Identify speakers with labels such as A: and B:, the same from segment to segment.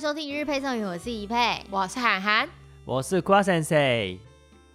A: 收聽一日配送員，我是怡佩，我是涵涵，
B: 我是瓜先生。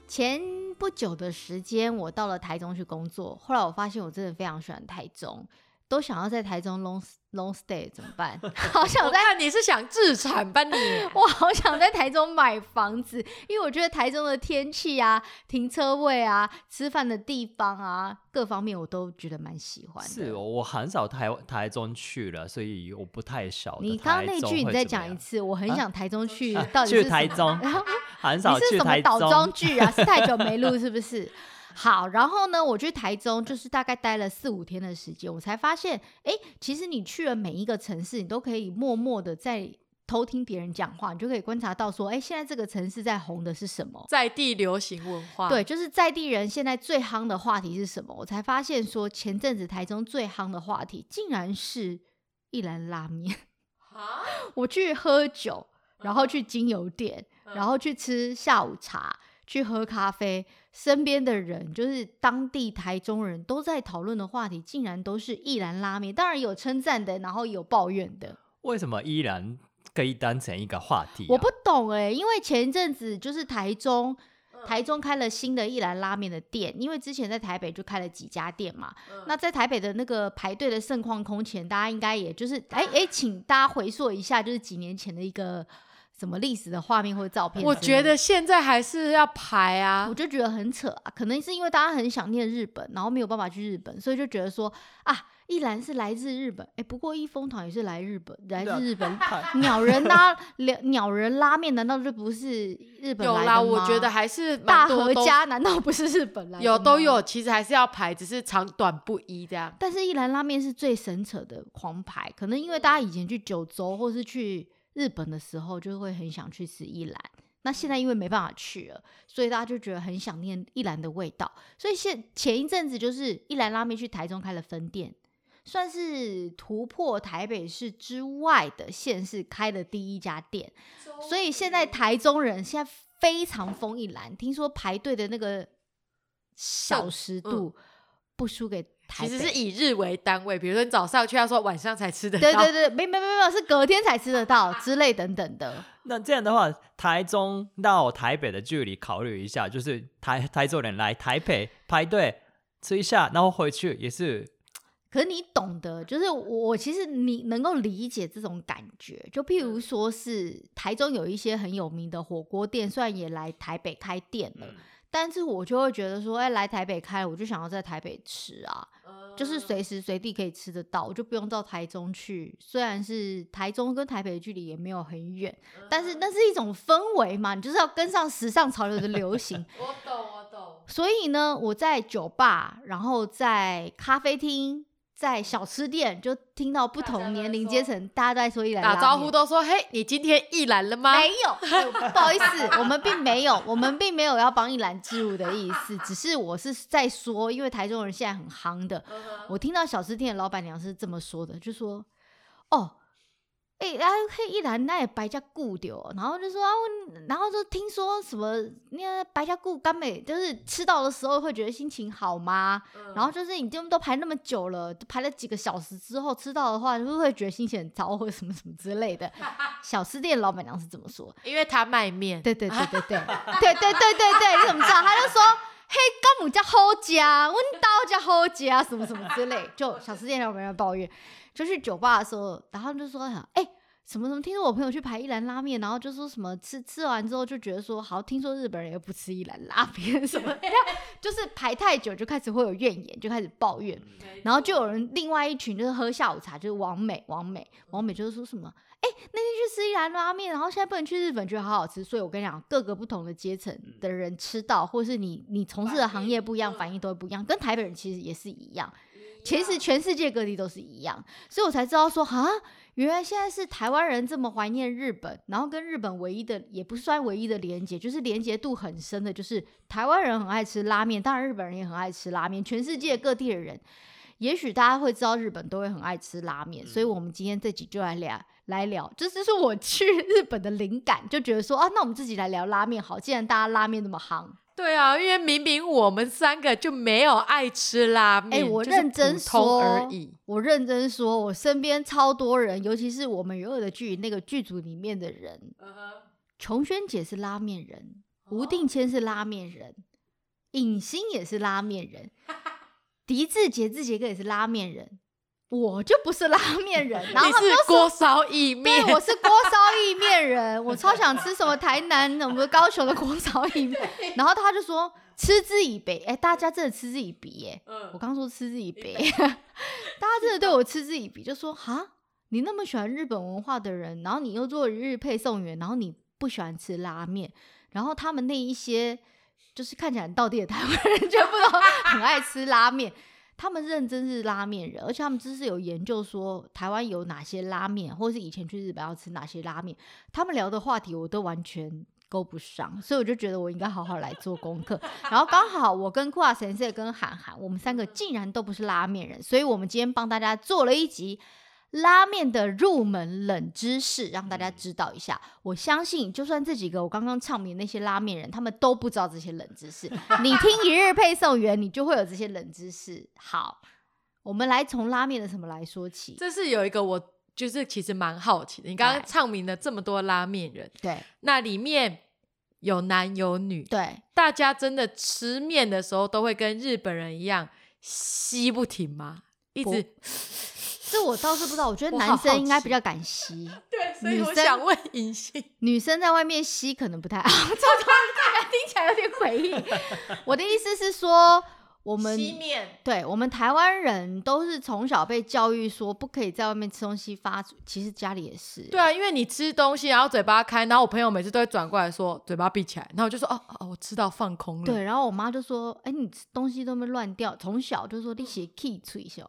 A: 前不久的時間，我到了台中去工作，後來我發現我真的非常喜歡台中。都想要在台中 long long stay 怎麼辦？ 好想在 你是想自產吧你、啊？ 我好想在台中買房子，因為我覺得台中的天氣啊、停車位啊、吃飯的地方啊，各方面我都覺得蠻喜歡。是，
B: 我很少台台中去了，所以我不太曉得。你剛剛那句你再講一
A: 次，我很想台中去，啊、到底是什麼、啊、台中？ 很少去台倒裝句啊，是太 久沒錄是不是？好，然後呢，我去台中，就是大概待了四五天的時間，我才發現，哎，其實你去了每一個城市，你都可以默默的在偷聽別人講話，你就可以觀察到說，哎，現在這個城市在紅的是什麼？在
C: 地流行文化。對，就
A: 是在地人現在最夯的話題是什麼？我才發現說，前陣子台中最夯的話題，竟然是一蘭拉麵。啊哈？我去喝酒，然後去精油店，嗯、然後去吃下午茶。去喝咖啡，身邊的人就是當地台中人都在討論的話題，竟然都是一蘭拉麵。當然有稱讚的，然後有抱怨的。
B: 為什麼依然可以當成一個話題？啊？我
A: 不懂哎、欸，因為前一陣子就是台中，台中開了新的一蘭拉麵的店，因為之前在台北就開了幾家店嘛。那在台北的那個排隊的盛況空前，大家應該也就是哎哎、欸欸，請大家回溯一下，就是幾年前的一個。什麼歷史的畫面或照片？我覺得現在還是要排啊，我就覺得很扯啊。可能是因為大家很想念日本，然後沒有辦法去日本，所以就覺得說啊，一蘭是來自日本，哎、欸，不過一風堂也是來日本，來自日本。 鳥人拉鳥人拉麵難道就不是日本來的嗎？有啦，我覺得還是大和家難道不是日本來 有都
C: 有，其實還是要排，只是長短不一這樣。
A: 但是一蘭拉麵是最神扯的狂排，可能因為大家以前去九州或是去。日本的時候就會很想去吃一蘭，那現在因為沒辦法去了，所以大家就覺得很想念一蘭的味道。所以現前一陣子就是一蘭拉麵去台中開了分店，算是突破台北市之外的縣市開的第一家店。文所以現在台中人現在非常瘋一蘭，聽說排隊的那個小時度不輸給。其實是以
C: 日為單位，北比如說你早
A: 上去，他說晚上才吃得到。到對對對，沒沒沒有，是隔天才吃得到 之類等等的。
B: 那這樣的話，台中到台北的距離，考慮一下，就是台台中人來台北排隊吃一下，然後回去也是。
A: 可是你懂得，就是我其實你能夠理解這種感覺，就譬如說是台中有一些很有名的火鍋店，雖然也來台北開店了。嗯但是我就會覺得說，哎、欸，來台北開了，我就想要在台北吃啊，就是隨時隨地可以吃得到，我就不用到台中去。雖然是台中跟台北的距離也沒有很遠，但是那是一種氛圍嘛，你就是要跟上時尚潮流的流行。 我懂，我懂。所以呢，我在酒吧，然後在咖啡廳。在小吃店就聽到不同年齡階層大家在說一蘭，打招呼都說：“嘿，你今天一蘭
C: 了嗎？”沒有，不好意思， 我們
A: 並沒有，我們並沒有要幫一蘭置入的意思，只是我是在說，因為台中人現在很夯的，Okay. 我聽到小吃店的老板娘是這麼說的，就說：“哦。”哎，然後、欸啊、黑一蘭那也白家固丟，然後就說、啊、然後就聽說什麼那個、啊、白家固甘美，就是吃到的時候會覺得心情好嗎？嗯、然後就是你他都排那麼久了，都排了幾個小時之後吃到的話，你會不會覺得心情很糟或者什麼什麼之類的？啊啊、小吃店老闆娘是怎麼說？因為他賣麵。對對對對對對對對對對，啊、你怎麼知道？啊、他就說黑高母叫侯杰，我刀叫侯杰什麼什麼之類，就小吃店老闆娘抱怨。就去酒吧的時候，然後就說：“哎、欸，什麼什麼？聽說我朋友去排一蘭拉麵，然後就說什麼吃吃完之後就覺得說好。聽說日本人也不吃一蘭拉面什麼， 就是排太久就開始會有怨言，就開始抱怨。然後就有人另外一群就是喝下午茶，就是網美網美網美，網美就是說什麼哎、欸，那天去吃一蘭拉麵，然後現在不能去日本覺得好好吃。所以我跟你講，各個不同的階層的人吃到，或是你你從事的行業不一樣，反應都會不一樣。跟台北人其實也是一樣。”其實全世界各地都是一樣，所以我才知道說啊，原來現在是台灣人這麼懷念日本，然後跟日本唯一的，也不是算唯一的連結，就是連結度很深的，就是台灣人很愛吃拉麵，當然日本人也很愛吃拉麵，全世界各地的人，也許大家會知道日本都會很愛吃拉麵，所以我們今天這集就來聊，來聊，就是說我去日本的靈感，就覺得說啊，那我們自己來聊拉麵好，既然大家拉麵那麼夯。
C: 對啊，因為明明我們三個就沒有愛吃拉麵，欸、我認真說就是普通而已，
A: 我認真說，我身邊超多人，尤其是我們《有的劇》那個劇組裡面的人，uh huh. 瓊軒姐是拉麵人，uh huh. 吳定謙是拉麵人，影星、uh huh. 也是拉麵人，狄 志傑、志傑哥也是拉麵人。我就不是拉麵人，然後他們是鍋燒意麵，對，我是鍋燒意麵人， 我超想吃什麼台南什麼高雄的鍋燒意麵。對然後他就說嗤之以鼻，哎、欸，大家真的嗤之以鼻耶，欸，嗯、我剛說嗤之以鼻，嗯、 大家真的對我嗤之以鼻，就說哈，你那麼喜歡日本文化的人，然後你又做日配送員，然後你不喜歡吃拉麵，然後他們那一些就是看起來很道地的台灣人，全部都很愛吃拉麵。 他們認真是拉麵人，而且他們知識有研究說，台灣有哪些拉麵，或是以前去日本要吃哪些拉麵。他們聊的話題我都完全勾不上，所以我就覺得我應該好好來做功課。 然後剛好我跟酷啊神仙跟韓韓，我們三個竟然都不是拉麵人，所以我們今天幫大家做了一集。拉麵的入門冷知識，讓大家知道一下。我相信，就算這幾個我剛剛唱名那些拉麵人，他們都不知道這些冷知識。你聽《一日配送員》，你就會有這些冷知識。好，我們來從拉麵的什麼來說
C: 起。這是有一個我，就是其實蠻好奇的。你剛剛唱名了這麼多拉麵人，對，那裡面有男有女，對，大家真的吃麵的時候都會跟日本人一樣吸不停嗎？一直。
A: 這我倒是不知道，我覺得男生應該比較敢吸。對，所以我想問銀杏，女生在外面吸可能不太……好。 這大家聽起來有點詭異。 我的意思是說，我們吸面對我們台灣人都是從小被教育說不可以在外面吃東西發出，其實家裡也是。對
C: 啊，因為你吃東西然後嘴巴開，然後我朋友每次都會轉過來說嘴巴閉起來，然後我就說哦哦，我吃到放空了。對，
A: 然後我媽就說：“哎，你吃東西都沒亂掉，從小就說你 Key 氣吹一下。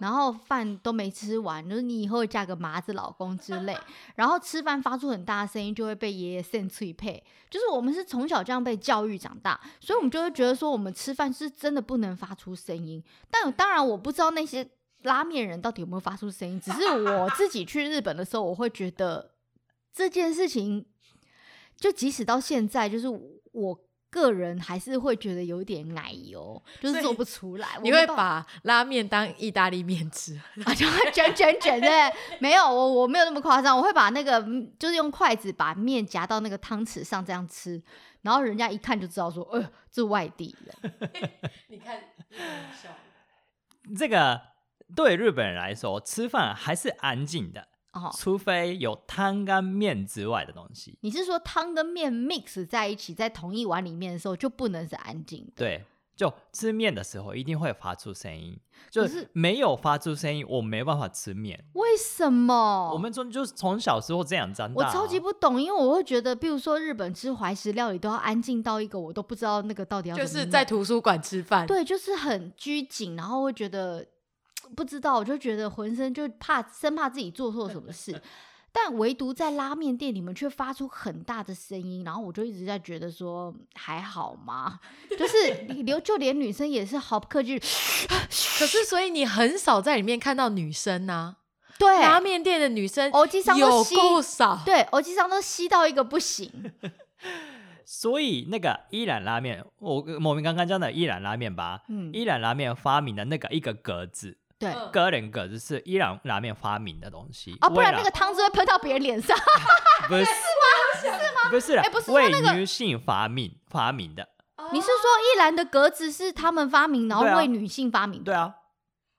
A: 然後飯都沒吃完，就是你以後會嫁個麻子老公之類。然後吃飯發出很大的聲音，就會被爺爺扇脆配。就是我們是從小這樣被教育長大，所以我們就會覺得說，我們吃飯是真的不能發出聲音。但當然，我不知道那些拉麵人到底有沒有發出聲音。只是我自己去日本的時候，我會覺得這件事情，就即使到現在，就是我。個人還是會覺得有點奶油，以就是做不出來。你會把
C: 拉麵當意大利麵吃 啊？就會
A: 捲捲捲的。 沒有，我我沒有那麼誇張。我會把那個就是用筷子把麵夾到那個湯匙上這樣吃，然後人家一看就知道說：“呃、哎，這外地人。” 你
B: 看，笑。 這個對日本人來說，吃飯還是安靜的。哦，除非有湯跟麵之外的東西，你
A: 是說湯跟麵 mix 在一起，在同一碗裡面的時候，就不能是安靜
B: 的？對，就吃麵的時候一定會發出聲音，就是沒有發出聲音，我沒辦法吃麵。
A: 為什麼？
B: 我們從就是從小時候這樣子？我超級
A: 不懂，因為我會覺得，比如說日本吃懷石料理都要安靜到一個我都不知道那個到底要，就是在圖書館吃飯，對，就是很拘謹，然後會覺得。不知道，我就覺得渾身就怕，生怕自己做錯什麼事。 但唯獨在拉麵店裡面，卻發出很大的聲音。然後我就一直在覺得說，還好嗎？就是你連 就連女生也是毫不客氣。可是，所以你很少在裡面看到女生啊。對，拉麵店的女生，有夠少。對，歐吉桑都吸到一個不行。
B: 所以，那個一蘭拉麵，我我們剛剛講的一蘭拉麵吧，嗯，一蘭拉麵發明的那個一個格子。對，哥人格，格子是一蘭拉麵發明的東西，哦、了不然那個
A: 湯汁會噴到別人臉上，
B: 不是，是嗎？不是嗎？不是啦，哎，不是那個女性發明發明的。
A: 哦、你是說一蘭的格子是他們發明，然後為女性發明對。啊？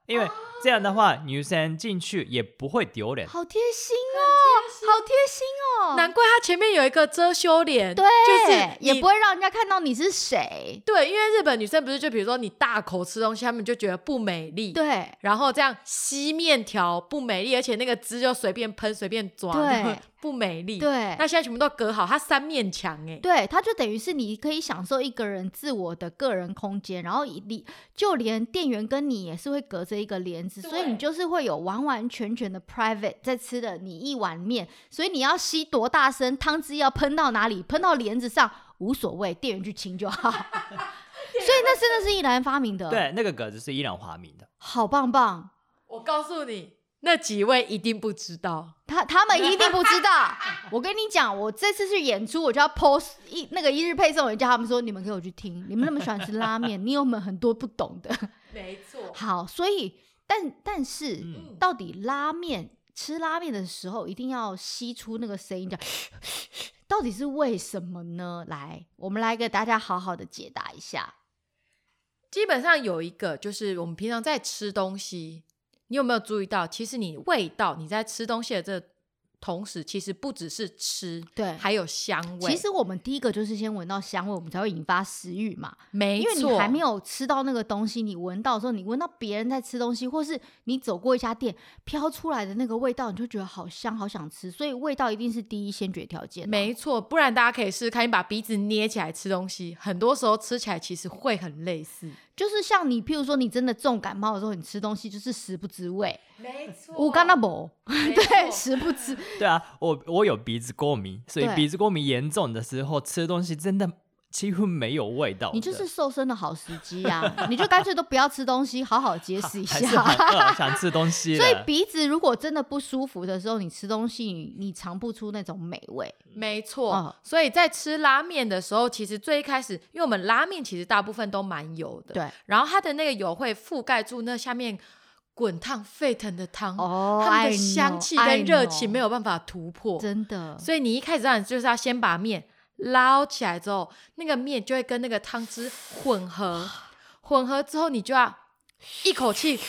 A: 對
B: 啊，因為、哦。這樣的話，女生進去也不會丟臉，
A: 好貼心哦，很貼心好貼心哦，難怪他前面有一
C: 個遮羞簾，對，就是也不會讓人家看到你是誰，對，因為日本女生不是就比如說你大口吃東西，他們就覺得不美麗，對，然後這樣吸麵條不美麗，而且那個汁就隨便噴隨便抓，對， 不美麗，對，那現在全部都隔好，它三面牆哎，對，
A: 它就等於是你可以享受一個人自我的個人空間，然後你就連店員跟你也是會隔着一個簾。對所以你就是會有完完全全的 private 在吃的你一碗麵，所以你要吸多大聲，湯汁要噴到哪裡，噴到簾子上無所謂，店員去清就好。 所以那真的是一蘭發明的， 對，
B: 那個格子是一蘭發明的，
A: 好棒棒。
C: 我告訴你，
A: 那幾位一定不知道， 他他們一定不知道。 我跟你講，我這次去演出，我就要 post 一那個一日配送人叫他們說你們可以去聽，你們那麼喜歡吃拉麵， 你有沒有很多不懂的？
C: 沒錯。
A: 好，所以。但但是，嗯、到底拉麵吃拉麵的時候一定要吸出那個聲音叫，講到底是為什麼呢？來，我們來給大家好好的解答一下。
C: 基本上有一個，就是我們平常在吃東西，你有沒有注意到？其實你味道，你在吃東西的這個。同時，其實不只是吃，對，還有
A: 香味。其實我們第一個就是先聞到香味，我們才會引發食慾嘛。沒錯，因為你還沒有吃到那個東西，你聞到的時候，你聞到別人在吃東西，或是你走過一家店飄出來的那個味道，你就覺得好香，好想吃。所以味道一定是第一先決條件。沒錯，
C: 不然大家可以試看，你把鼻子捏起來吃東西，很多時候吃起來其實會很類
B: 似。
A: 就是像你，譬如說，你真的重感冒的時候，你吃東西就是食不知味，沒錯錯。我剛剛不，錯 對，食不知。
B: 對啊，我我有鼻子過敏，所以鼻子過敏嚴重的時候，對吃東西真的。幾乎沒有味道，你就是
A: 瘦身的好時機呀！你就乾脆都不要吃東西，好好節食一下。我
B: 想吃東西，所以鼻
A: 子如果真的不舒服的時候，你吃東西你嘗不出那種美味。沒錯，
C: 所以在吃拉麵的時候，其實最開始，因為我們拉麵其實大部分都蠻油的，對。然後它的那個油會覆蓋住那下面滾燙沸騰的湯，哦，它的香氣跟熱氣沒有辦法突
A: 破，真的。
C: 所以你一開始，就是要先把麵。撈起來之後，那個麵就會跟那個湯汁混合，混合之後你就要一口氣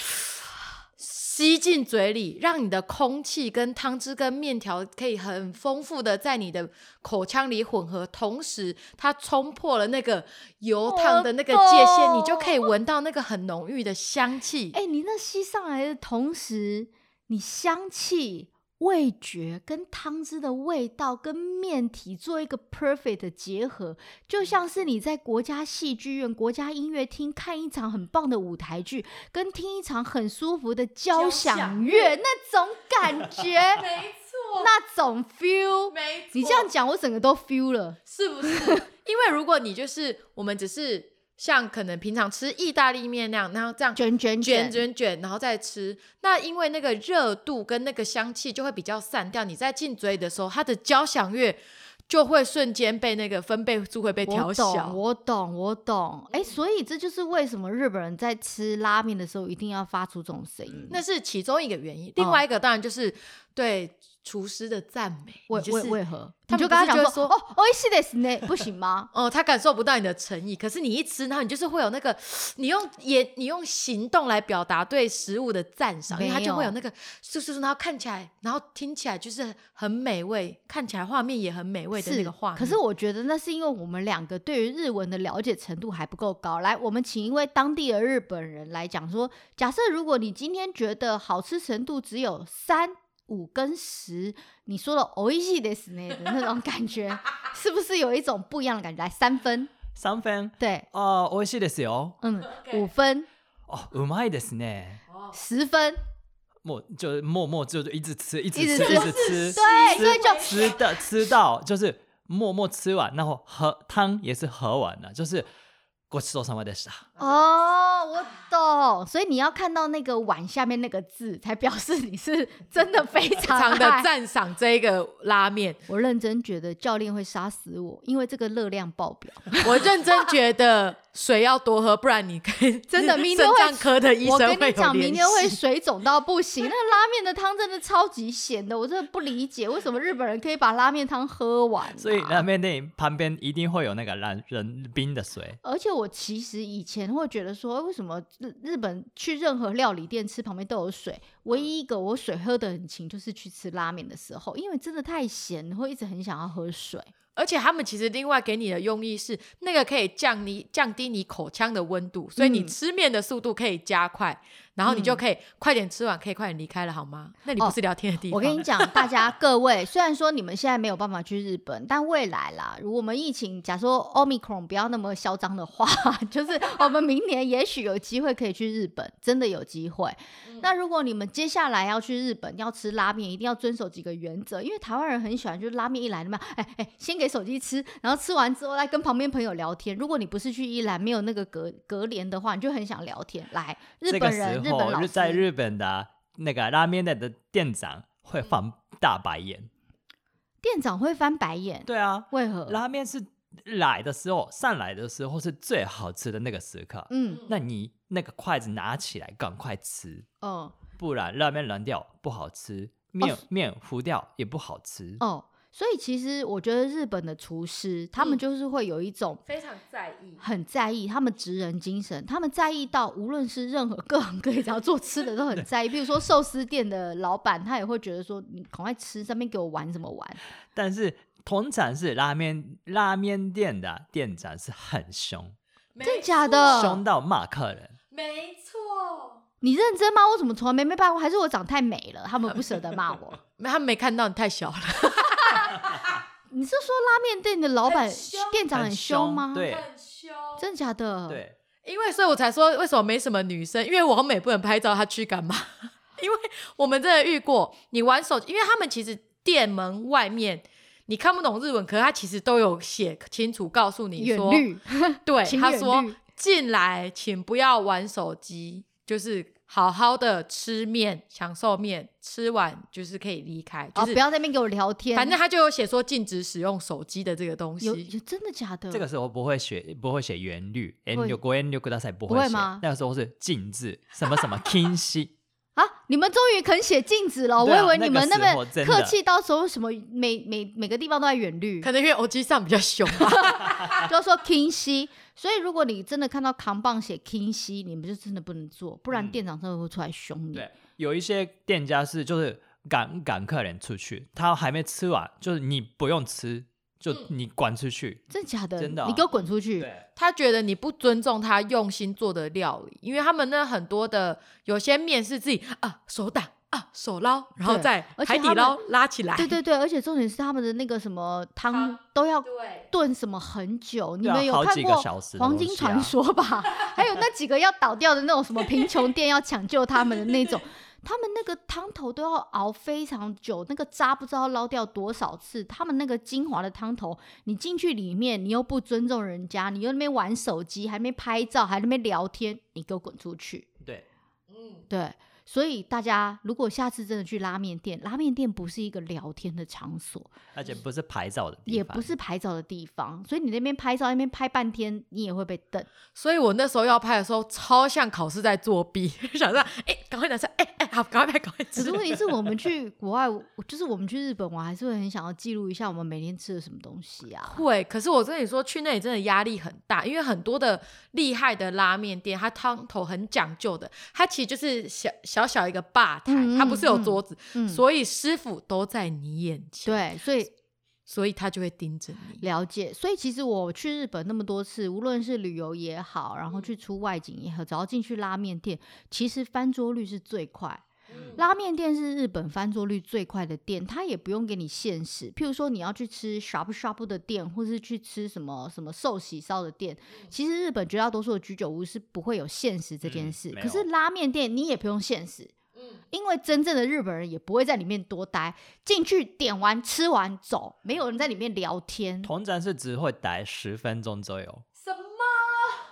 C: 吸進嘴裡，讓你的空氣跟湯汁跟麵條可以很豐富的在你的口腔裡混合，同時它衝破了那個油湯的那個界限，噗你就可以
A: 聞到那個很濃郁的香氣。哎、欸，你那吸上來的同時，你香氣。味覺跟湯汁的味道跟麵體做一個 perfect 的結合，就像是你在國家戲劇院、國家音樂廳看一場很棒的舞台劇，跟聽一場很舒服的交響樂，交響樂那種感覺， 沒錯。那種 feel，沒錯。你這樣講，我整個
C: 都 feel 了，是不是？ 因為如果你就是我們只是。像可能平常吃意大利麵那樣，然後這樣卷卷卷卷卷，然後再吃。那因為那個熱度跟那個香氣就會比較散掉。你在進嘴的時候，它的交響樂就會瞬間被那個分貝數會被調小。我懂，
A: 我懂，我懂。哎、欸，所以這就是為什麼日本人在吃拉麵的時候一定要發出這種聲音。嗯、那是其中一個原因，另外一個當然就是、哦、對。廚師的讚美為、就是、為為何？他們就跟他講說
C: 哦，哦，是 的，是不行嗎？哦，他感受不到你的誠意。可是你一吃呢，然後你就是會有那個，你用眼，你用行動來表達對食物的讚賞，因為他就會有那個，
A: 就是有然後看起來，然後聽起來就是很美味，看起來畫面也很美味的那個畫面。可是我覺得那是因為我們兩個對於日文的了解程度還不夠高。來，我們請一位當地的日本人來講說，假設如果你今天覺得好吃程度只有三。五跟十，你說的おいしいですね的那種感覺 是不是有一種不一樣的感覺？來三分，三分，三
B: 分對，哦，おいしいですよ。嗯，Okay. 五分，哦，うまいですね。十分，もう就默默就就一直吃，一直吃，一直吃， 一直吃對，所以就 吃的吃到就是默默吃完，然後喝湯也是喝完了，就是ごちそうさまでした。
A: 哦，我懂。所以你要看到那個碗下面那個字，才表示你是真的非常的讚賞這一個拉麵。我認真覺得教練會殺死我，因為這個熱量爆表。我認真覺得水要多喝， 不然你可以。真的明天會。腎臟科的醫生會講，我跟你講，明天會水腫到不行。那拉麵的湯真的超級鹹的，我真的不理解為什麼日本人可以把拉麵湯喝完啊。所以
B: 拉麵店旁邊一定會有那個冷冰冰的水。
A: 而且我其實以前會覺得說，為什麼日日本。去任何料理店吃，旁邊都有水。唯一一個我水喝得很勤，就是去吃拉麵的時候，因為真的太鹹，會一直很想要喝水。
C: 而且他們其實另外給你的用意是，那個可以降低降低你口腔的溫度，所以你吃麵的速度可以加快。嗯然後你就可以快點吃完，可以快點離開了，好嗎？
A: 那你不是聊天的地方。哦、我跟你講，大家各位，雖然說你們現在沒有辦法去日本，但未來啦，如果我們疫情假如說 Omicron 不要那麼囂張的話，就是我們明年也許有機會可以去日本，真的有機會。嗯、那如果你們接下來要去日本要吃拉麵，一定要遵守幾個原則，因為台灣人很喜歡，就是拉麵一來，怎麼樣？哎哎，先給手機吃，然後吃完之後來跟旁邊朋友聊天。如果你不是去一蘭，沒有那個隔隔簾的話，你就很想聊天。來，日本人。日本，在日
B: 本的那個拉麵的店長會放大白眼，
A: 嗯、店長會翻白眼，對啊，
B: 為何拉麵是來的時候上來的時候是最好吃的那個時刻？嗯，那你那個筷子拿起來趕快吃，哦、不然拉麵軟掉不好吃，麵、哦、麵糊掉也不好吃哦。
A: 所以其實我覺得日本的廚師，他們就是會有一種、嗯、非常在意、很在意他們職人精神，他們在意到無論是任何各行各業只要做吃的都很在意。比如說壽司店的老板，他也會覺得說：“你趕快吃，上面給我玩怎麼玩。”
B: 但是通常是拉面拉面店的店長是很凶，真的假的？凶到罵客人。
A: 沒錯，
B: 你認真嗎？我怎麼從來沒被罵過？還是我長太美
A: 了，他們不舍得罵我？沒， 他們沒看到你太小了。 你是說拉
C: 麵店的老闆兇店長很凶嗎？很兇？對，很凶，真的假的？對，因為所以我才說為什麼沒什麼女生，因為王美不能拍照，他去幹嘛？ 因為我們真的遇過，你玩手機，因為他們其實店門外面你看不懂日文，可是他其實都有寫清楚，告訴你說，遠慮 對，他說進來請不要玩手機，就是。好好的吃麵，享受麵，吃完就是可以離開，哦、就是、哦、不要在那邊給我聊天。反正他就有寫說禁止使用手機
A: 的這個東西。有有真的假的？這個時
B: 候不會寫，不會寫元律，Niu Guo Niu Guo 大家才不會。不會嗎？那個時候是禁止什麼什麼清晰。
A: 啊！你們終於肯寫禁止了，啊、我以為你們那邊客氣，到時候什麼每的每每，每個地方都在遠慮。可能因為歐吉桑比較凶，啊 就，就說 kinshi，所以如果你真的看到扛棒寫 kinshi，你們就真的不能做，不然店長真的會出來凶你。嗯、對，
B: 有一些店家是就是趕趕客人出去，他還沒吃完，就是你不用吃。就你滾出去、嗯！
C: 真假的，真的，啊，你給我滾出去！嗯、對，他覺得你不尊重他用心做的料理，因為他們那很多的有些麵是自己啊手打啊手撈，然後在海底撈而且拉起來。對對
A: 對，而且重點是他們的那個什麼湯都要燉什麼很久，湯你們有看過《黃金傳說》吧？啊啊、還有那幾個要倒掉的那種什麼貧窮店要搶救他們的那種。 他們那個湯頭都要熬非常久，那個渣不知道撈掉多少次。他們那個精華的湯頭，你進去裡面，你又不尊重人家，你又那邊玩手機，還那邊拍照，還那邊聊天，你給我滾出去！對，嗯，對。所以大家如果下次真的去拉麵店，拉麵店不是一個聊天的場所，
B: 而且不是拍照的地方，
A: 也不是拍照的地方。所以你那邊拍照，那邊拍半天，你也會被瞪。所以我那時候要拍的時候，超像考試在作弊，想說，哎、欸，趕快拿出來，哎、欸、哎、欸，好，趕快拍，趕快吃。只不過一次我們去國外，就是我們去日本，我還是會很想要記錄一下我們每天吃的什麼東西啊。
C: 對， 可是我跟你說，去那裡真的壓力很大，因為很多的厲害的拉麵店，它湯頭很講究的，它其實就是小。小小小一個吧台，嗯、它不是有桌
A: 子，嗯、所以師傅都在你眼前。對、嗯，所以所以他就會盯着你。了解。所以其實我去日本那麼多次，無論是旅遊也好，然後去出外景也好，嗯、只要進去拉麵店，其實翻桌率是最快。拉麵店是日本翻桌率最快的店，它也不用給你限時。譬如說你要去吃 shabu shabu 的店，或是去吃什麼什麼壽喜燒的店，其實日本絕大多數的居酒屋是不會有限時這件事。嗯、可是拉麵店你也不用限時，因為真正的日本人也不會在裡面多待，進去點完吃完走，沒有人在裡面聊天。
B: 通常是只會待十分鐘左右。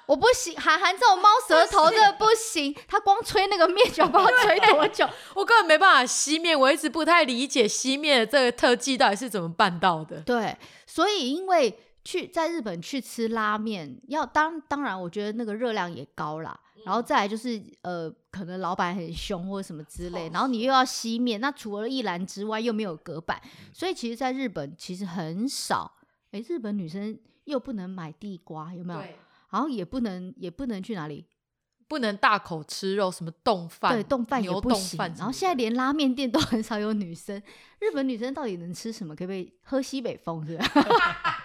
A: 我不行，韓寒這種貓舌頭這不行，是他光吹那個麵，就要不知要吹多久，我根本沒辦法吸
C: 麵。我一直不太理解吸麵這個特技到底是怎麼辦到的。對，
A: 所以因為去在日本去吃拉麵，要當當然，我覺得那個熱量也高啦。嗯、然後再來就是呃，可能老板很凶或者什麼之類，然後你又要吸麵，那除了一蘭之外又沒有隔板，嗯、所以其實在日本其實很少。誒、欸，日本女生又不能買地瓜，有沒有？然後也不能也不能去哪裡，
C: 不能大口吃肉，
A: 什麼丼飯？對，丼飯也不行。飯，然後現在連拉麵店都很少有女生。日本女生到底能吃什麼？可不可以喝西北風？是吧？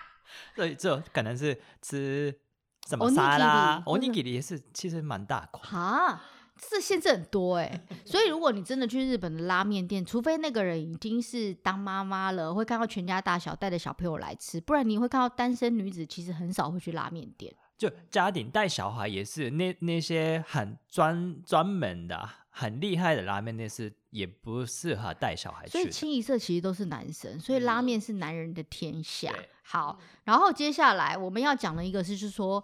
B: 對，這可能是吃什麼沙拉。おにぎり也是，其實蠻大
A: 塊啊。這限制很多哎、欸。 所以如果你真的去日本的拉麵店，除非那個人已經是當媽媽了，會看到全家大小帶着小朋友來吃，不然你會看到單身女子其實很少會去拉麵
B: 店。就家庭帶小孩也是那那些很專專門的很厲害的拉麵，那是也不適合帶小孩去。所以清
A: 一色其實都是男生，所以拉麵是男人的天下。嗯、好，嗯、然後接下來我們要講的一個是，就是說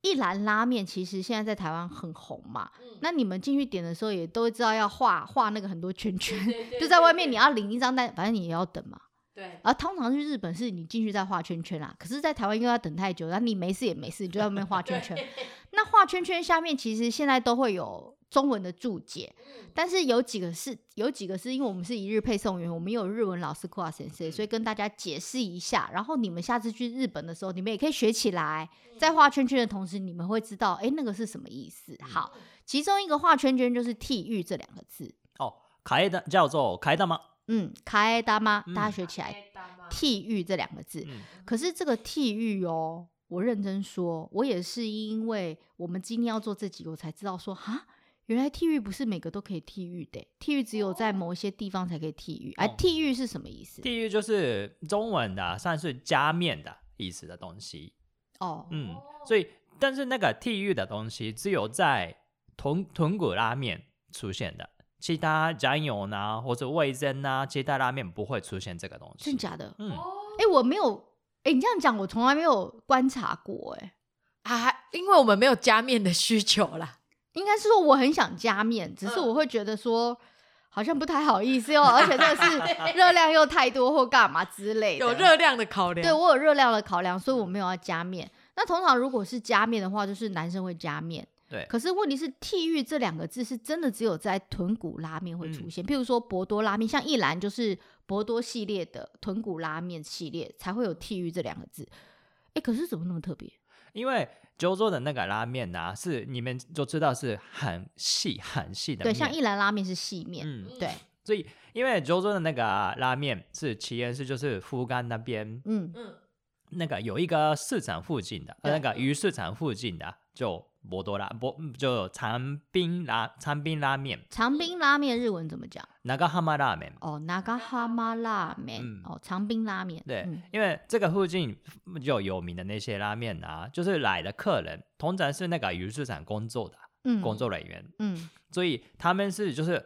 A: 一蘭拉麵，其實現在在台灣很紅嘛。嗯、那你們進去點的時候，也都知道要畫畫那個很多圈圈，嗯、就在外面你要領一張單，對對對對，反正你也要等嘛。對而通常去日本是你進去再畫圈圈啦，可是，在台灣又要等太久，然後你沒事也沒事，你就在外面畫圈圈。 對那畫圈圈下面其實現在都會有中文的注解，但是有幾個是，有幾個是因為我們是一日配送員，我們有日文老師過來先生，所以跟大家解釋一下。然後你們下次去日本的時候，你們也可以學起來，在畫圈圈的同時，你們會知道，哎，那個是什麼意思？好，其中一個畫圈圈就是“替玉”這兩個字
B: 哦，凱的叫做凱的嗎？
A: 嗯，卡耶大媽，大家學起來。替、嗯、玉這兩個字，嗯、可是這個替玉哦，我認真說，我也是因為我們今天要做這集，我才知道說，哈，原來替玉不是每個都可以替玉的，替玉只有在某些地方才可以替玉。哦、哎，替玉是什麼意思？
B: 替玉就是中文的，算是加面的意思的東西。哦，嗯，所以，但是那個替玉的東西，只有在豚豚骨拉面出現的。其他醬油呢，或者味噌呢，其他拉麵不會出現這個東西。真假的？
A: 嗯，哎、欸，我沒有，哎、欸，你這樣講，我從來沒有觀察過、欸，哎，啊，因為我們沒有加麵的需求啦。應該是說我很想加麵，只是我會覺得說好像不太好意思哦，而且這個是熱量又太多或幹嘛之類，有熱
C: 量的考量。對，我
A: 有熱量的考量，所以我沒有要加麵。那通常如果是加麵的話，就是男生會加麵。對，可是問題是“替玉”這兩個字是真的只有在豚骨拉麵會出現。比、嗯、如說博多拉麵，像一蘭就是博多系列的豚骨拉麵系列才會有“替玉”這兩個字。哎，可是怎麼那麼特別？
B: 因為九州的那個拉麵呢、啊，是你們就知道是很細很細的。對，像一
A: 蘭拉麵是細麵。嗯、對。
B: 所以因為九州的那個、啊、拉麵是起源是就是福岡那邊，嗯嗯，那個有一個市場附近的對、呃、那個魚市場附近的就。博多拉，博就長濱拉長濱拉麵，
A: 長濱拉麵日文怎麼講？
B: 長浜拉麵
A: 哦，長浜拉麵、嗯、哦，長濱拉麵。
B: 對，嗯、因為這個附近就有，有名的那些拉麵啊，就是來的客人通常是那個魚市場工作的、嗯、工作人員，嗯，所以他們是就是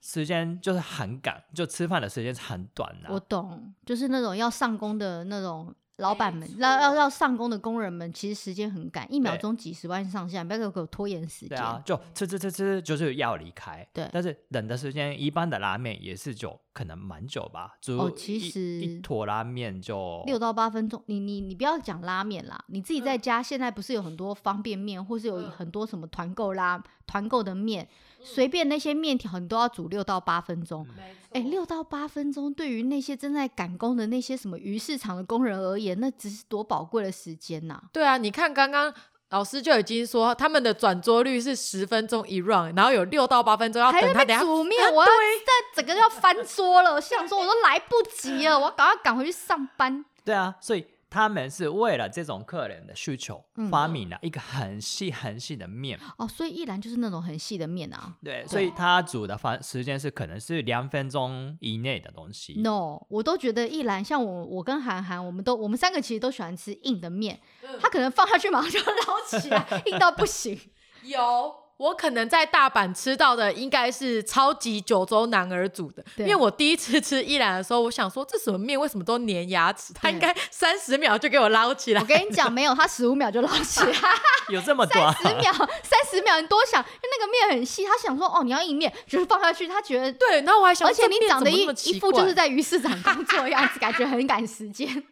B: 時間就是很趕，就吃飯的時間是很短的、
A: 啊。我懂，就是那種要上工的那種。老闆們，要要要上工的工人們，其實時間很趕，一秒鐘幾十萬上下，對不要給我拖延
B: 時間。對啊，就吃吃吃吃，就是要離開。對，但是等的時間，一般的拉麵也是久，可能蠻久吧。哦，其實一,一坨拉面就六
A: 到八分鐘。你你你不要講拉面啦，你自己在家現在不是有很多方便面，或是有很多什麼團購拉、嗯、團購的面。隨便那些麵條，你都要煮六到八分鐘。哎、嗯，六、欸、到八分鐘，對於那些正在趕工的那些什麼魚市場的工人而言，那只是多寶貴的時間吶、啊！
C: 對啊，你看剛剛老師就已經說，他們的轉桌率是十分鐘一 round，然後有六到八分鐘要等他等煮麵，我要
A: 在整個要翻桌了，我想、啊、說我都來不及了，我要趕快趕回去上班。
B: 對啊，所以。他們是為了這種客人的需求發明了一個很細很細的面、嗯、哦，
A: 所以一蘭就是那種很細的面啊。對，對所以
B: 他煮的方時間是可能是兩分鐘以內的東西。No，
A: 我都覺得一蘭像我，我跟韓寒，我們都我們三個其實都喜歡吃硬的面，嗯、他可能放下去馬上就撈起來， 硬到不行。
C: 有。我可能在大阪吃到的應該是超級九州男兒煮的。對因為我第一次吃一蘭的時候，我想說，這什麼麵為什麼都粘牙齒？對他應該三十秒就
A: 給我撈起來。我跟你講，沒有，他十五秒就撈起來。
B: 有這麼短？三十秒，
A: 三十秒，你多想，因為那個麵很細。他想說哦，你要硬麵，就是放下去，他覺得對。然後我還想，而且你長得一麼麼一副就是在魚市場工作的樣子， 感覺很趕時間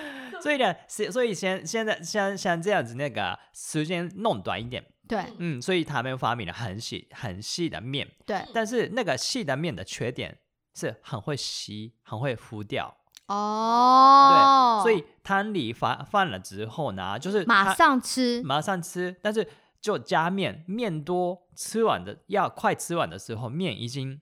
A: 。
B: 所以呢，所以先現在像像這樣子，那個時間弄短一點。對，嗯，所以他們發明了很細很細的麵，對，但是那個細的麵的缺點是很會吸，很會糊掉。
A: 哦、oh，對，所以
B: 湯裡放放了之後呢，就是馬上吃，馬上吃，但是就加麵，麵多，吃完的要快吃完的時候，麵已經。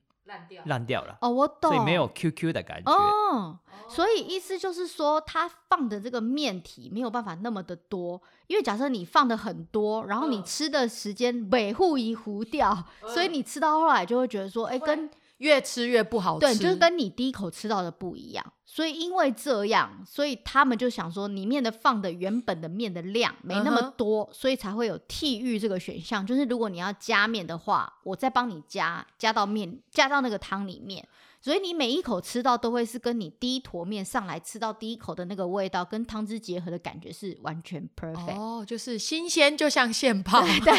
B: 爛掉了，哦，我懂，所以沒有 QQ 的感覺。
A: 哦，所以意思就是說，他放的這個麵體沒有辦法那麼的多，因為假設你放的很多，然後你吃的時間每戶、呃、一糊掉，所以你吃到後來就會覺得說，哎，跟。越吃越不好吃，對，就是跟你第一口吃到的不一樣。所以因為這樣，所以他們就想說，裡面的放的原本的麵的量沒那麼多，嗯、哼所以才會有替玉這個選項。就是如果你要加麵的話，我再幫你加，加到麵，加到那個湯裡面。所以你每一口吃到都會是跟你第一坨麵上來吃到第一口的那個味道跟湯汁結合的感覺是完全 perfect。哦，就是新鮮就像現泡。對對。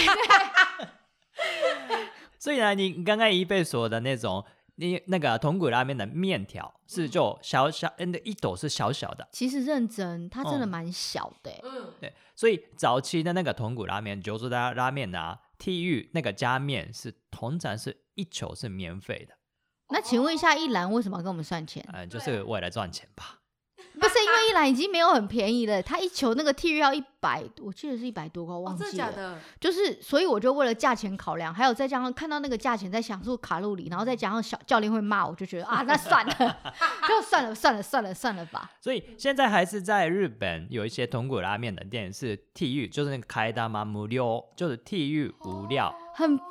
B: 所以呢，你剛剛一貝說的那種，你那個豚骨拉麵的麵條是就小小，那、嗯、一朵是小小的。其
A: 實認真，它真的蠻小的。嗯，對。
B: 所以早期的那個豚骨拉麵，是九州拉麵啊，替玉那個加麵是通常是一球是免費的。
A: 那請問一下，一蘭為什麼要跟我們算錢？
B: 嗯，就是為了賺錢吧。
A: 不是因為一蘭，已經沒有很便宜了，他一球那個替玉要一百，我記得是一百多個，我忘記了。哦、真的假的？就是，所以我就為了價錢考量，還有再加上看到那個價錢在享受卡路里，然後再加上小教練會罵我，就覺得 啊，那算了， 就算了，算了，算了，算了吧。
B: 所以現在還是在日本有一些豚骨拉麵的店是替玉，就是那個替玉無料，就是替玉無料。就是
A: 很棒，很棒，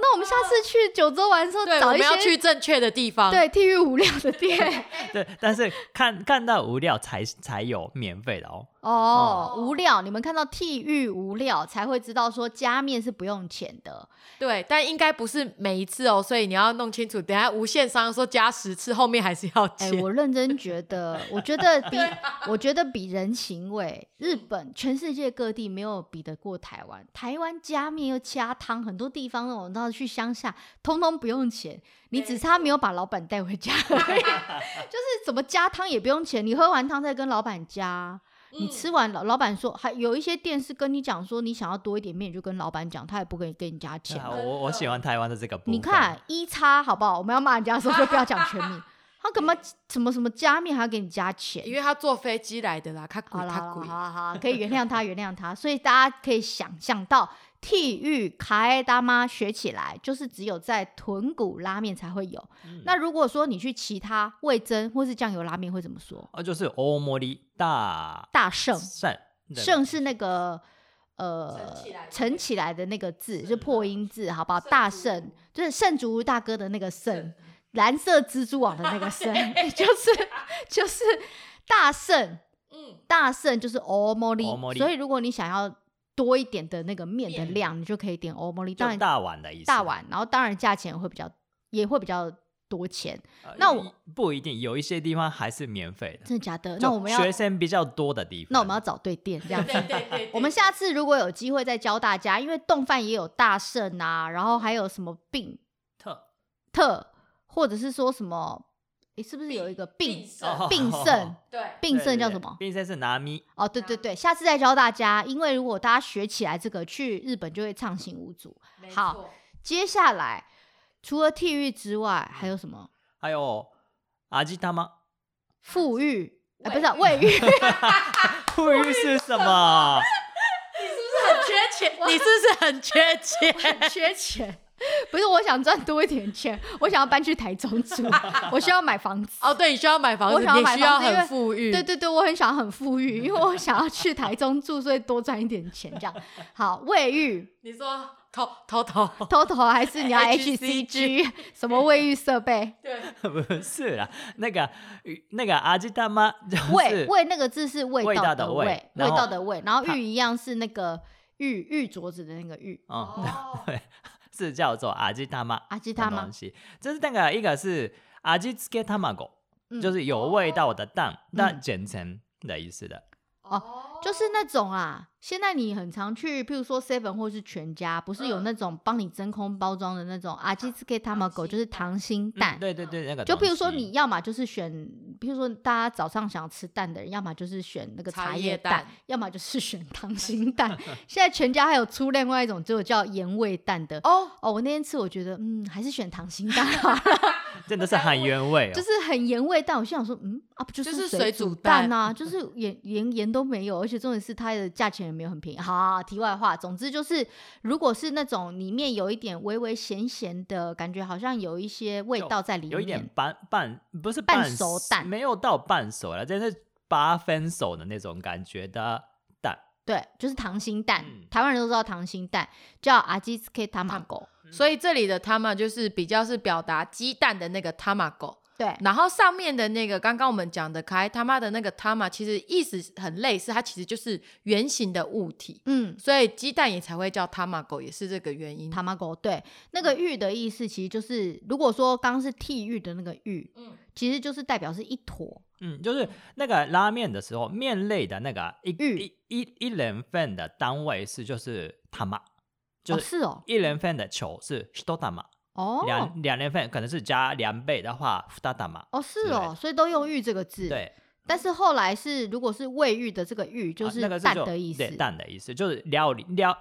A: 那我們下次去九州玩的時候找一，找對，我們要去正確的地方，對，替玉無料的店，
B: 對，但是看 看到無料才才有免費的哦。
A: 哦，哦無料，你們看到替玉無料才會知道說加麵是不用錢的，
C: 對，但應該不是每一次哦，所以你要弄清楚。等下無限商說加十次後面還是要錢，欸。我
A: 認真覺得， 我覺得比對我覺得比人情味，日本全世界各地沒有比得過台灣。台灣加麵又加湯，很多地方那種，你知道去鄉下通通不用錢，你只差沒有把老闆帶回家，欸、 就是怎麼加湯也不用錢，你喝完湯再跟老闆加。你吃完了，老老闆說，還有一些店是跟你講說，你想要多一點麵，就跟老闆講，他也不可以給你加錢、啊啊。
B: 我我喜歡台灣的這個部分，你
A: 看一叉、e、好不好？我們要罵人家的時候就不要講全名， 他幹嘛 什麼什麼加麵還要給你加錢？因為他坐飛機來的啦，比較貴，比較貴，可以原諒他， 原諒他。所以大家可以想象到。替玉卡埃大媽學起來，就是只有在豚骨拉麵才會有。那如果說你去其他味噌或是醬油拉麵，會怎麼說？
B: 啊，就是 oomori 大
A: 大盛，盛是那個呃，盛起來的那個字，是破音字，好不好？大盛就是盛竹如大哥的那個盛，藍色蜘蛛網的那個盛，就是就是大盛，大盛就是 oomori。所以如果你想要。多一點的那個面的量，面你就可以點歐姆利。當然大碗的意思，大碗，然後當然價錢會比較，也會比較多錢。
B: 呃、那我不一定，有一些地方還是免費的。
A: 真的假的？那我們要學生
B: 比較多的地方，地方那,我
A: 那我們要找對店這樣。對對對，我們下次如果有機會再教大家，因為丼飯也有大盛啊，然後還有什麼並、特特，或者是說什麼。你是不是有一個並？並盛？
B: 對，並盛叫什麼？並盛是拿咪。
A: 哦，對對對，下次再教大家。因為如果大家學起來這個，去日本就會暢行無阻。好，接下來除了替玉之外，還有什麼？
B: 還有阿吉他嗎？
A: 富裕，哎，不是味玉。
B: 富裕是什麼？你是不
A: 是很缺錢？你是不是很缺錢？很缺錢。不是我想賺多一點錢，我想要搬去台中住，我需要買房子。哦，對，你需要買房子，你需要很富裕。對對對，我很想要很富裕，因為我想要去台中住，所以多賺一點錢這樣。好，衛浴，你說偷偷 t 偷 l 還是你要 H C G 什麼衛浴設備？對，
B: 不是啊，那個那個阿吉大媽味味那
A: 個字是味道的味，味道的味，然後玉一樣是那個玉玉鐲子的那個玉
B: 哦。是叫做阿吉他瑪，阿吉他瑪就是那個一個是阿吉斯給塔瑪狗，嗯、就是有味道的蛋，蛋簡稱的意思的。
A: 哦，就是那種啊。現在你很常去，譬如說 Seven 或是全家，不是有那種幫你真空包裝的那種 Ajitsuke tamago，就是溏心蛋、嗯。
B: 對對對，那個、就比如說
A: 你要嘛就是選，比如說大家早上想要吃蛋的人，要麼就是選那個茶葉蛋，葉蛋要麼就是選溏心蛋。哎、現在全家還有出另外一種，就叫鹽味蛋的。哦哦，我那天吃，我覺得嗯，還是選溏心蛋啊，
B: 真的是很，原、哦、 是很鹽味，就是
A: 很鹽味蛋。我心想說，嗯啊，啊，不就是水煮蛋啊？就是鹽鹽鹽都沒有，而且重點是它的價錢。有沒有很便宜？好，好，好，好，題外話，總之就是，如果是那種裡面有一點微微鹹鹹的感覺，好像有一些味道在裡面，有一點
B: 半半不是半熟，半熟蛋，沒有到半熟了，這是八分熟的那種感覺的蛋，
A: 對，就是溏心蛋，嗯、台灣人都知道溏心蛋叫 Ajitsuke Tamago，所以這裡的 Tama 就是比較是表達雞蛋的那個 Tamago。
C: 對，然後上面的那個剛剛我們講的可愛他媽的那個他媽，其實意思很類似，它其實就是圓形的物體。嗯，所以雞蛋也才會叫他媽狗，也是這個
A: 原因。他媽狗，對，那個玉的意思其實就是，如果說剛，剛是替玉的那個玉，嗯，其實就是代表是一坨。
B: 嗯，就是那個拉麵的時候，麵類的那個一、玉一、一、一人份的單位是就是他媽就是哦，一人份的球是一他媽哦，兩兩年份可能是加兩倍的話，大大嘛。
A: 哦，是哦，是吧所以都用“玉”這個字。對，但是後來是，如果是味玉的這個
B: “玉”，就是蛋的意思。啊那個、蛋的意思就是料理、料、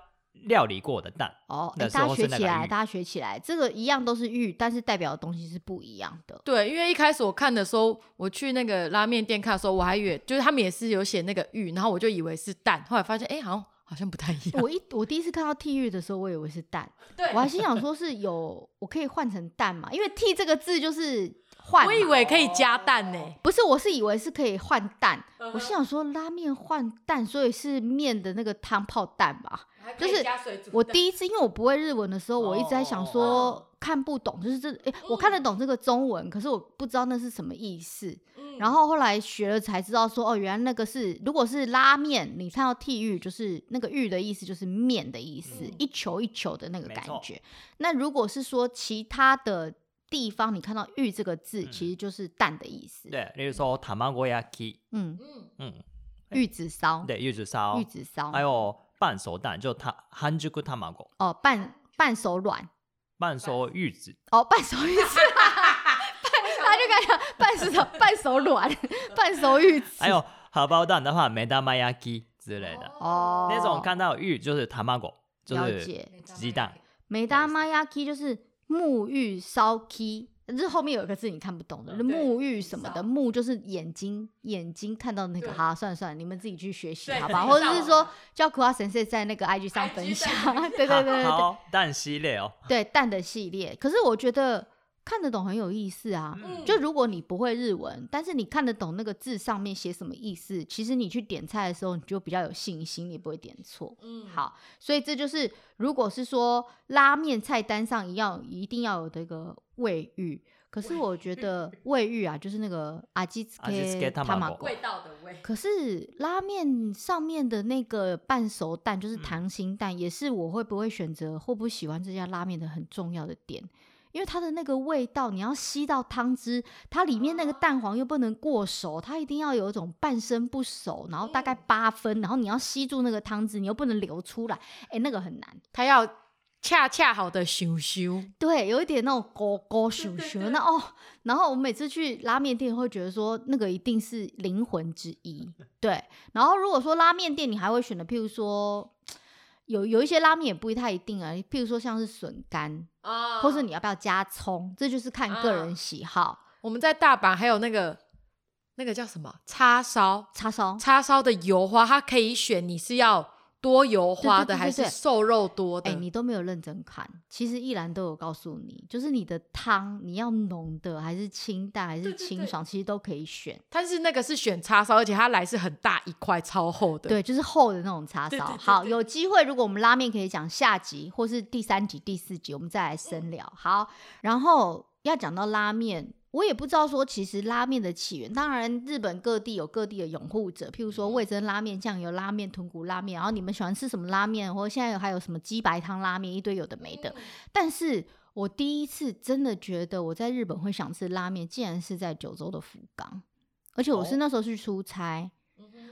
B: 料理過的蛋。哦那時候，大家學起來，大
A: 家學起來，這個一樣都是“玉”，但是代表的東西是不一樣的。對，因為一開始我看的時候，我
C: 去那個拉麵店看的時候，我還以為就是他們也是有寫那個“玉”，然後我就以為是蛋，後來發現哎，好像。好像不太一
A: 樣。我一我第一次看到“替玉”的時候，我以為是蛋， 對我還心想說是有我可以換成蛋嘛，因為“替”這個字就是。我以為可以加蛋呢、欸，不是，我是以為是可以換蛋。Uh huh. 我是想說拉麵換蛋，所以是麵的那個湯泡蛋吧？蛋就是我第一次，因為我不會日文的時候，我一直在想說看不懂，oh, 就是這、欸，我看得懂這個中文，嗯、可是我不知道那是什麼意思。嗯、然後後來學了才知道說，哦，原來那個是，如果是拉麵，你看到“替玉”就是那個“玉”的意思，就是麵的意思，一球一球的那個感覺。沒錯。那如果是說其他的。地方你看到“玉”這個字，其實就是蛋的意思。
B: 對，例如說塔馬果鴨雞，嗯嗯嗯，玉子燒，對，玉子燒，玉子燒，還有半熟蛋，就塔漢吉古塔馬果，
A: 哦，半半熟卵，
B: 半熟玉子，哦，半
A: 熟玉子，他就講半熟半熟卵，半熟玉子，
B: 還有荷包蛋的話，梅達瑪鴨雞之類的，哦，那種看到“玉”就是塔馬果，就是雞蛋，了解，
A: 梅達瑪鴨雞就是。沐浴燒雞，這後面有一個字你看不懂的，嗯、沐浴什麼的，燒目就是眼睛，眼睛看到那個哈對、啊，算了算了，你們自己去學習對好吧，或者是說叫苦瓜先生在那個 IG 上分享， 對，對，對對對對，
B: 蛋系列哦，
A: 對蛋的系列，可是我覺得。看得懂很有意思啊，嗯、就如果你不會日文，但是你看得懂那個字上面寫什麼意思，其實你去點菜的時候你就比較有信心，你不會點錯。嗯，好，所以這就是如果是說拉麵菜單上一樣一定要有這個味玉。可是我覺得味玉啊，就是那個阿基斯蓋塔馬鍋味道的味。可是拉麵上面的那個半熟蛋，就是溏心蛋，嗯、也是我會不會選擇，會不會喜歡這家拉麵的很重要的點。因為它的那個味道，你要吸到湯汁，它裡面那個蛋黃又不能過熟，它一定要有一種半生不熟，然後大概八分，然後你要吸住那個湯汁，你又不能流出來，哎，那個很難，它要恰恰好的咻咻，對，有一點那種勾勾咻咻，對對對，那哦，然後我們每次去拉麵店會覺得說，那個一定是靈魂之一，對，然後如果說拉麵店，你還會選擇譬如說。有有一些拉麵也不太一定啊，譬如說像是筍乾啊，uh, 或是你要不要加蔥，這就是看個人喜好。Uh, 我們在大阪還有那個那個叫什麼叉燒，叉燒，叉燒的油
C: 花，它可以選，你是要。多油
A: 花的對對對對對，還是瘦肉多的。欸，你都沒有認真看。其實一蘭都有告訴你，就是你的湯，你要濃的還是清淡還是清爽，對對對其實都可以選。
C: 但是那個是選叉燒，而且它來是很大一塊，超
A: 厚的。對，就是厚的那種叉燒。對對對對好，有機會如果我們拉麵可以講下集，或是第三集、第四集，我們再來深聊。好，然後要講到拉麵。我也不知道說，其實拉面的起源，當然日本各地有各地的擁護者，譬如說味噌拉麵、醬油拉麵、豚骨拉麵，然後你們喜歡吃什麼拉麵？或現在還有什麼雞白湯拉麵，一堆有的沒的。嗯、但是我第一次真的覺得我在日本會想吃拉麵，竟然是在九州的福岡，而且我是那時候去出差。哦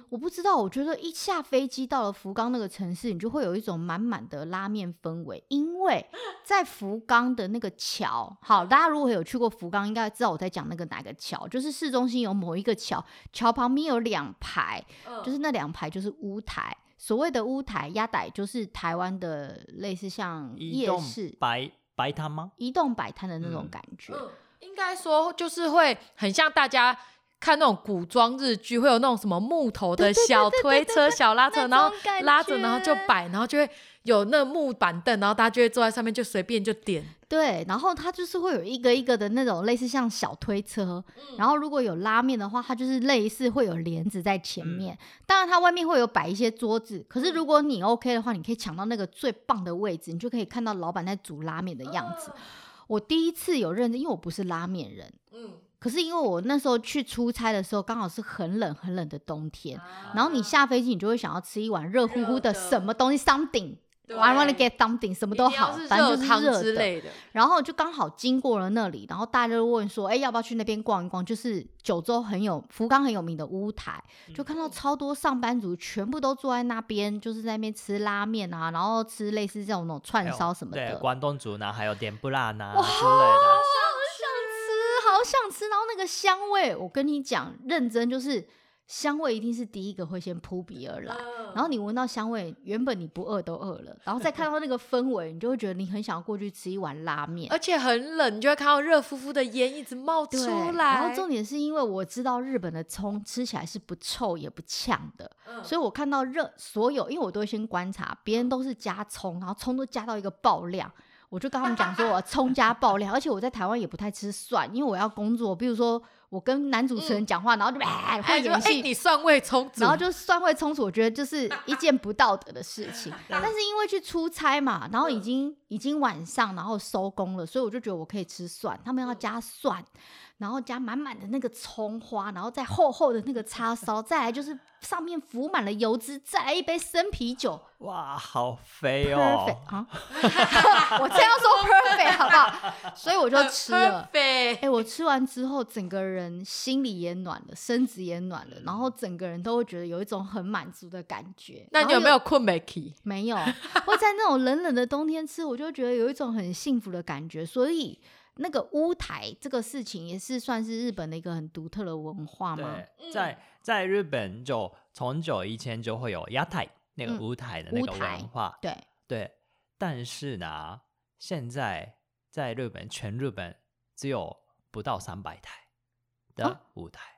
A: 我不知道，我覺得一下飛機到了福岡那個城市，你就會有一種滿滿的拉面氛圍，因為在福岡的那個橋，好，大家如果有去過福岡，應該知道我在講那個哪個橋，就是市中心有某一個橋，橋旁邊有兩排，嗯、就是那兩排就是屋台，所謂的屋台，亞代，就是台灣的類似像夜市
B: 擺擺攤嗎？
A: 移動擺攤的那種感覺，嗯嗯，應該說就是
C: 會很像大家。看那種古裝日劇，會有那種什麼木頭的小推車、小拉車，然後拉着，然後就擺，然後就會有那木板凳，然後大家就會坐在上面，就隨便就點。
A: 對，然後它就是會有一個一個的那種類似像小推車，嗯、然後如果有拉面的話，它就是類似會有簾子在前面。嗯、當然，它外面會有擺一些桌子，可是如果你 OK 的話，你可以搶到那個最棒的位置，你就可以看到老板在煮拉面的樣子。嗯、我第一次有認真，因為我不是拉麵人。嗯。可是因為我那時候去出差的時候，剛好是很冷很冷的冬天，啊、然後你下飛機，你就會想要吃一碗熱乎乎的什麼東西。Something, I wanna get something，什麼都好，反正就是熱的。的然後就剛好經過了那裡，然後大家就問說，嗯、哎，要不要去那邊逛一逛？就是九州很有，福岡很有名的屋台，就看到超多上班族全部都坐在那邊，就是在那邊吃拉面啊，然後吃類似這種那種串燒什麼的，對，
B: 關東煮呢，還有點不辣呢、哦、之類的。
A: 想吃到那個香味，我跟你講，認真就是香味一定是第一個會先撲鼻而來。然後你聞到香味，原本你不餓都餓了，然後再看到那個氛圍，你就會覺得你很想要過去吃一碗拉麵，而且很冷，你就會看到熱乎乎的煙一直冒出來。然後重點是因為我知道日本的蔥吃起來是不臭也不嗆的，所以我看到熱所有，因為我都會先觀察，別人都是加蔥，然後蔥都加到一個爆量。我就跟他們講說，我要衝加爆料。 而且我在台灣也不太吃蒜，因為我要工作。比如說，我跟男主持人講話，嗯、然後就、嗯、哎，會演戲，你蒜味充足，然後就蒜味充足，我覺得就是一件不道德的事情。 但是因為去出差嘛，然後已經。嗯已經晚上，然後收工了，所以我就覺得我可以吃蒜。他們要加蒜，嗯、然後加滿滿的那個蔥花，然後再厚厚的那個叉燒，再來就是上面浮滿了油脂，再來一杯生啤酒。哇，
B: 好肥哦 perfect！啊， 我這樣說 perfect 好不好？所以我就吃
A: 了。哎、嗯，我吃完之後，整個人心裡也暖了，身子也暖了，然後整個人都會覺得有一種很滿足的感覺。那你有，有沒有困？Makey 沒，沒有。我在那種冷冷的冬天吃， 我就。就覺得有一種很幸福的感覺，所以那個屋台這個事情也是算是日本的一個很獨特的文化嘛。對嗯、在
B: 在日本就從久以前就會有亞太那個屋台的那個文化，嗯、對對。但是呢，現在在日本，全日本只有不到三百台的屋台
A: 啊。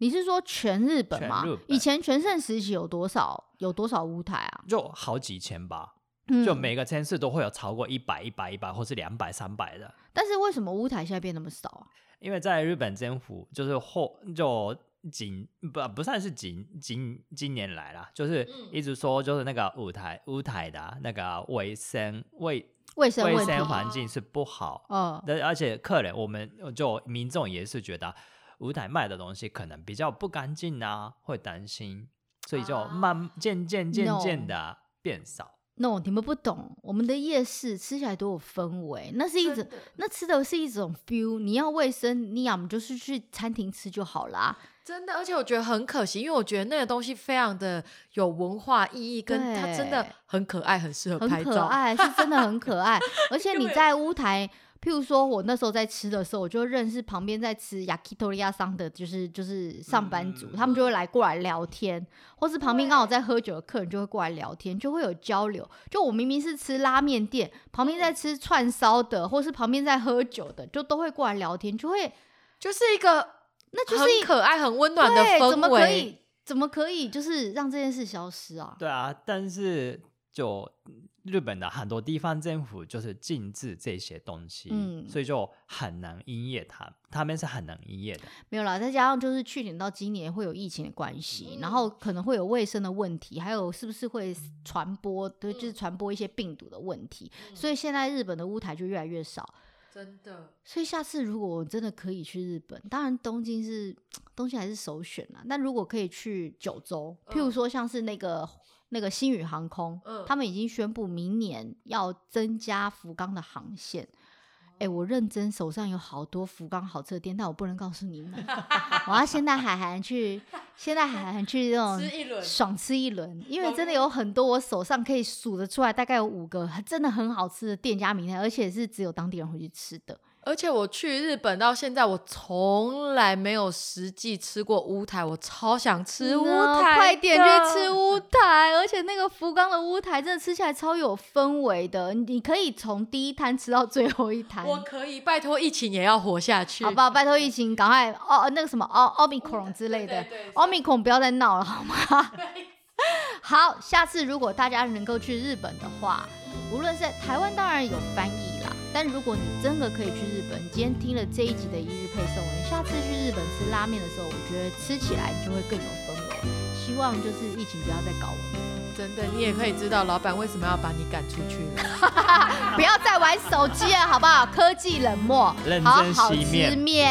A: 你是說全日本嗎？本以前全盛時期有多少？有多少屋台啊？就
B: 好幾千吧。就每個城市都會有超過一百、一百、一百，或是兩百、三百的。但是為什麼屋台現在變那麼少啊？因為在日本政府就是後就近不不算是近近近年來啦，就是一直說就是那個屋台屋台的那個衛生衛衛生衛、啊、生環境是不好哦。嗯、而且客人我們就民眾也是覺得屋台賣的東西可能比較不乾淨吶，會擔心，所以就慢漸漸漸漸的變少。
A: 那 o、no, 你們不懂，我們的夜市吃起來都有氛圍，那是一種，的那吃的是一種 feel。你要衛生，你要麼就是去餐廳吃就好啦。真的，而且我覺得很可惜，因為我覺得那個東西非常的有文
C: 化意義，對跟它真的很可愛，很適合拍照，可
A: 愛，是真的很可愛。 而且你在屋台。 譬如說，我那時候在吃的時候，我就認識旁邊在吃 yakitori 屋桑的，就是就是上班族，嗯、他們就會來過來聊天，或是旁邊剛好在喝酒的客人就會過來聊天，對就會有交流。就我明明是吃拉麵店，旁邊在吃串燒的，嗯、或是旁邊在喝酒的，就都會過來聊天，就會就是一個很，那就是可愛、很溫暖的氛圍。怎麼可以？怎麼可以？就是讓這件事消失啊？
B: 對啊，但是就。日本的很多地方政府就是禁止這些東西，嗯、所以就很難營業它。他他們是很難營業的，
A: 沒有啦。再加上就是去年到今年會有疫情的關係，嗯、然後可能會有衛生的問題，還有是不是會傳播，嗯、對，就是傳播一些病毒的問題。嗯、所以現在日本的屋台就越來越少，
C: 真的。
A: 所以下次如果我真的可以去日本，當然東京是東京還是首選了。那如果可以去九州，譬如說像是那個。嗯那個星宇航空，嗯、他們已經宣布明年要增加福岡的航線。哎、欸，我認真手上有好多福岡好吃的店，但我不能告訴你們， 我要先帶海涵去，先帶海涵去那種吃一輪，爽吃一輪，因為真的有很多我手上可以數得出來，大概有五個真的很好吃的店家名單，而且是只有當地人會去吃的。
C: 而且我去日本到現在，我從來沒有實際吃過屋台，我超想吃屋台，嗯啊、快點去吃屋
A: 台！ 而且那個福岡的屋台真的吃起來超有氛圍的，你可以從第一攤吃到最後一攤。我可以，拜托疫情也要活下去，好不好？拜托疫情，趕快哦，那個什麼奧奧密克戎之類的奧密克戎不要再鬧了好嗎？對好，下次如果大家能夠去日本的話，無論是在台灣，當然有翻譯。但如果你真的可以去日本，今天聽了這一集的一日配送，你下次去日本吃拉麵的時候，我覺得吃起來你就會更有氛圍。希望就是疫情不要再搞我們，真的，你也可以知道老闆為什麼要把你趕出去了。 不要再玩手機了，好不好？科技冷漠，認真熄滅，好好吃麵。